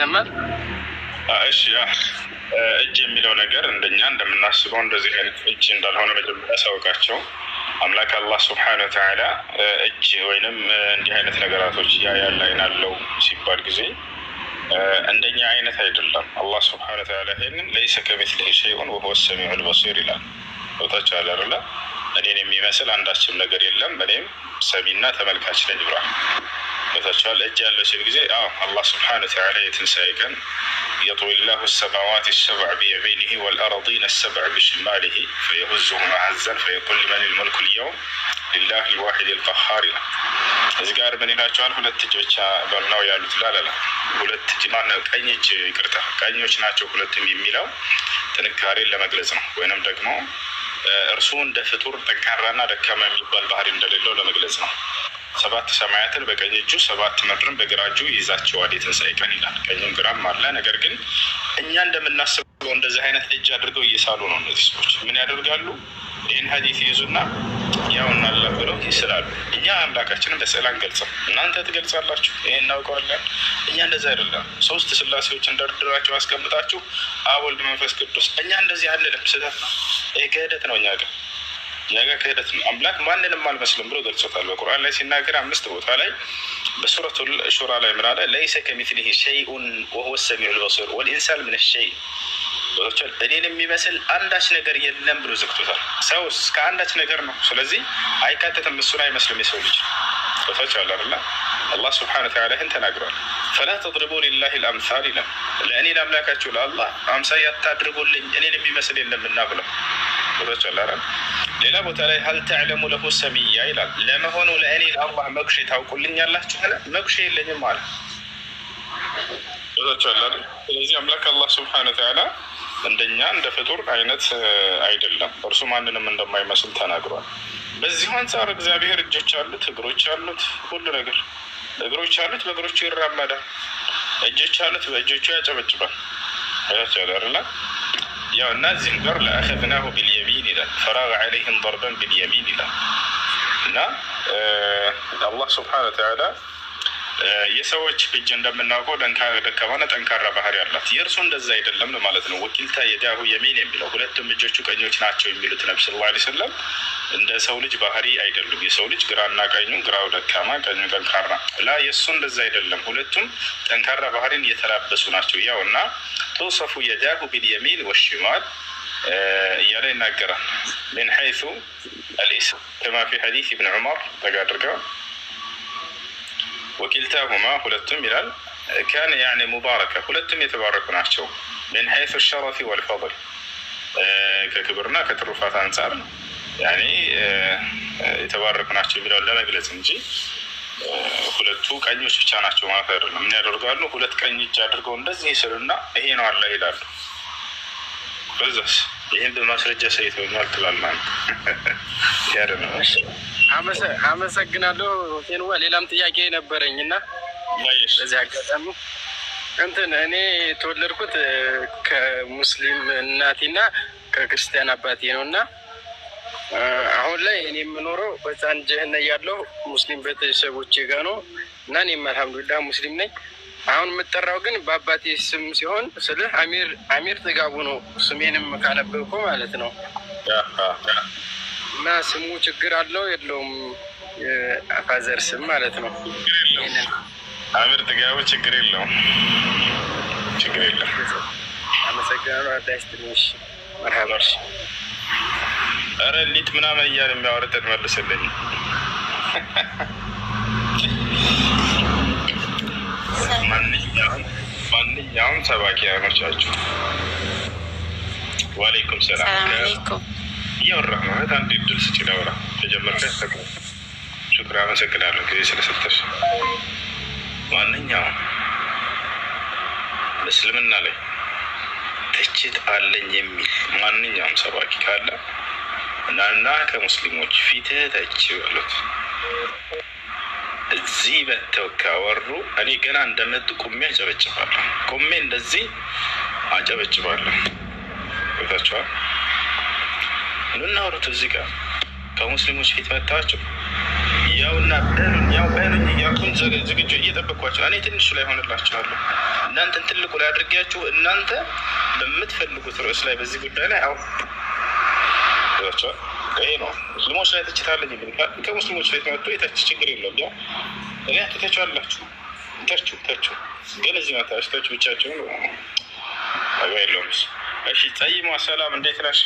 ይሰማል። እሺ እጅ የሚለው ነገር እንደኛ እንደምናስበው እንደዚህ አይነት እጅ እንዳልሆነ መጀመሪያ ሳውቃቸው አምላክ አላህ ስብሓነ ወተዓላ እጅ ወይንም እንዲህ አይነት ነገራቶች ያ ያለ አለው ሲባል ጊዜ እንደኛ አይነት አይደለም። አላህ ስብሓነ ወተዓላ ይህንን ለይሰ ከሚስሊሂ ሸይኡን ወሁወ ሰሚዑል በሲር ይላል። መውጣች አለ አይደለ? እኔን የሚመስል አንዳችም ነገር የለም፣ እኔም ሰሚና ተመልካች ነኝ ብሏል። ገብታችኋል። እጅ ያለው ሲል ጊዜ አላህ ስብሓነ ወተዓላ የትንሣኤ ቀን የጥዊ ላሁ ሰማዋት ሰብዕ ቢየሚኒህ ወልአረዲነ ሰብዕ ብሽማሊህ ፈየሁዙሁማ ሀዘን ፈየቁል ሊመን ልመልኩ ልየውም ሊላህ ልዋሒድ ልቀሃር ይላል። እዚህ ጋር ምን ይላቸዋል? ሁለት እጅ ብቻ ነው ያሉት ላለላ ሁለት እጅ ማነው? ቀኝ እጅ ይቅርታ፣ ቀኞች ናቸው ሁለቱም የሚለው ጥንካሬን ለመግለጽ ነው ወይንም ደግሞ እርሱ እንደ ፍጡር ጠንካራና ደካማ የሚባል ባህሪ እንደሌለው ለመግለጽ ነው። ሰባት ሰማያትን በቀኝ እጁ ሰባት ምድርን በግራ እጁ ይይዛቸዋል የትንሣኤ ቀን ይላል። ቀኝም ግራም አለ። ነገር ግን እኛ እንደምናስበው እንደዚህ አይነት እጅ አድርገው እየሳሉ ነው። እነዚህ ሰዎች ምን ያደርጋሉ? ይህን ሀዲት ይይዙና ያው እናላህ ብለው ይስላሉ። እኛ አምላካችንን በስዕል አንገልጽም፣ እናንተ ትገልጻላችሁ። ይሄ እናውቀዋለን። እኛ እንደዚህ አይደለም። ሶስት ስላሴዎችን ደርድራችሁ አስቀምጣችሁ አብ፣ ወልድ፣ መንፈስ ቅዱስ። እኛ እንደዚህ አንልም። ስህተት ነው። ይሄ ክህደት ነው። እኛ ጋር እኛ ጋር ክህደት ነው። አምላክ ማንንም አልመስልም ብሎ ገልጾታል በቁርአን ላይ ሲናገር አምስት ቦታ ላይ በሱረቱ ሹራ ላይ ምን አለ? ለይሰ ከሚስሊሂ ሸይኡን ወሁወ ሰሚዑል በሲር ወልኢንሳን ምን ሸይ ወገኖችን እኔን የሚመስል አንዳች ነገር የለም ብሎ ዘግቶታል። ሰው እስከ አንዳች ነገር ነው። ስለዚህ አይካተትም፣ እሱን አይመስልም የሰው ልጅ ቶታች አላልና አላህ ስብሐነ ወተዓላ ይህን ተናግሯል። ፈላ ተድሪቡ ሊላህ ልአምሳል ይለም ለእኔ ለአምላካችሁ ለአላህ አምሳያ አታድርጉልኝ እኔን የሚመስል የለምና ብለው ቶታች ሌላ ቦታ ላይ ሀል ተዕለሙ ለሁ ሰሚያ ይላል። ለመሆኑ ለእኔ ለአላህ መጉሼ ታውቁልኝ ያላችሁ ለ መጉሼ የለኝም አለ ቶታች አላለ። ስለዚህ አምላክ አላህ ስብሐነ ወተዓላ እንደኛ እንደ ፍጡር አይነት አይደለም። እርሱ ማንንም እንደማይመስል ተናግሯል። በዚሁ አንጻር እግዚአብሔር እጆች አሉት፣ እግሮች አሉት፣ ሁሉ ነገር እግሮች አሉት፣ በእግሮቹ ይራመዳል። እጆች አሉት፣ በእጆቹ ያጨበጭባል። ያቸደርላ ያው እና እዚህም ጋር ለአኸዝናሁ ቢልየሚን ይላል። ፈራግ ዐለይህም ضርበን ቢልየሚን ይላል እና አላህ ስብሓነ ወተዓላ የሰዎች እጅ እንደምናውቀው ደካማና ጠንካራ ባህሪ አላት። የእርሱ እንደዛ አይደለም ማለት ነው። ወኪልታ የዳሁ የሚን የሚለው ሁለቱም እጆቹ ቀኞች ናቸው የሚሉት ነቢ ስለ ላ ስለም እንደ ሰው ልጅ ባህሪ አይደሉም። የሰው ልጅ ግራና ቀኙ፣ ግራው ደካማ፣ ቀኙ ጠንካራ ላ የእሱ እንደዛ አይደለም። ሁለቱም ጠንካራ ባህሪን የተላበሱ ናቸው። ያው እና ቶሰፉ የዳሁ ቢልየሚን ወሽማል እያለ ይናገራል። ምን ሐይሱ አልኢስም ከማ ፊ ሐዲስ ኢብን ዑመር ተጋ አድርገው ወኪልታሁማ ሁለቱም ይላል ካነ ያኔ ሙባረከ ሁለቱም የተባረኩ ናቸው። ምን ሐይሱ ሸረፊ ወልፈضል ከክብርና ከትሩፋት አንጻር ያኔ የተባረኩ ናቸው የሚለውን ለመግለጽ እንጂ ሁለቱ ቀኞች ብቻ ናቸው ማለት አይደለም። ምን ያደርጋሉ? ሁለት ቀኝ እጅ አድርገው እንደዚህ ይስሉና ይሄ ነው አለ ይላሉ። በዛስ ይህን በማስረጃ ሰይተውኛል ትላል ያደ ነው። አመሰግናለሁ ፌንዋ። ሌላም ጥያቄ ነበረኝ እና በዚህ አጋጣሚ እንትን እኔ የተወለድኩት ከሙስሊም እናቴና ከክርስቲያን አባቴ ነው እና አሁን ላይ እኔ የምኖረው በህፃን ጀህነ ያለው ሙስሊም ቤተሰቦቼ ጋር ነው እና እኔም አልሐምዱሊላ ሙስሊም ነኝ። አሁን የምጠራው ግን በአባቴ ስም ሲሆን ስልህ አሚር አሚር ጥጋቡ ነው ስሜንም ካነበብኩ ማለት ነው። እና ስሙ ችግር አለው የለውም? የአፋዘር ስም ማለት ነው። አምር ጥጋቡ ችግር የለውም፣ ችግር የለም። አመሰግናለሁ። አዳሽ ትንሽ መርሃባሽ ረ ሊጥ ምናምን እያል የሚያወርጠን መልስልኝ። ማንኛውም ሰባኪ ያኖቻችሁ። ዋሌይኩም ሰላም ሰላም እያወራህ ማለት አንድ ድል ስጭ ላውራ ተጀመርከ ያስተቅ ሹክራ አመሰግናለሁ ጊዜ ስለሰጠሽ። ማንኛውም በእስልምና ላይ ትችት አለኝ የሚል ማንኛውም ሰባኪ ካለ እናና ከሙስሊሞች ፊትህ ተች በሉት። እዚህ መጥተው ካወሩ እኔ ገና እንደመጡ ቁሜ አጨበጭባለሁ። ቁሜ እንደዚህ አጨበጭባለሁ። ታችኋል ኑና እዚህ ጋር ከሙስሊሞች ፊት መታቸው። ያውና በሉኝ፣ ያው በሉኝ እያልኩኝ ዝግጁ እየጠበቅኳቸው እኔ ትንሹ ላይ ሆንላችኋለሁ፣ እናንተን ትልቁ ላይ አድርጊያችሁ እናንተ በምትፈልጉት ርዕስ ላይ በዚህ ጉዳይ ላይ አሁ ይሏቸዋል። ይሄ ነው ሙስሊሞች ላይ ተችታለኝ ብ ከሙስሊሞች ፊት መጥቶ የተች ችግር የለም። ያ እኔ አላችሁ ተች ተች ግን እዚህ መታች ተች ብቻቸውን አባ የለውም። እሺ ጠይሟ ሰላም እንዴት ነሽ?